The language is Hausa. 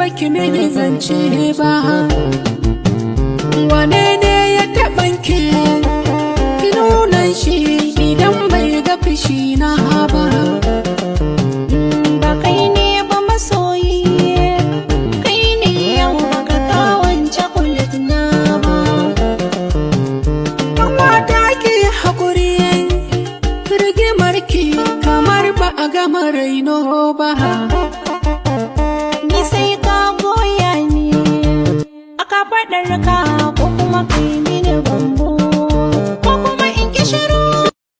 baki mini zance ba wane ne ya taɓan ki nuna shi idan bai ga fushi na ba ba kai ne ba masoyi kai ne yau ka kawon cakulet na ba kamata ki haƙuri rigimar ki kamar ba a gama raino ba faɗar you.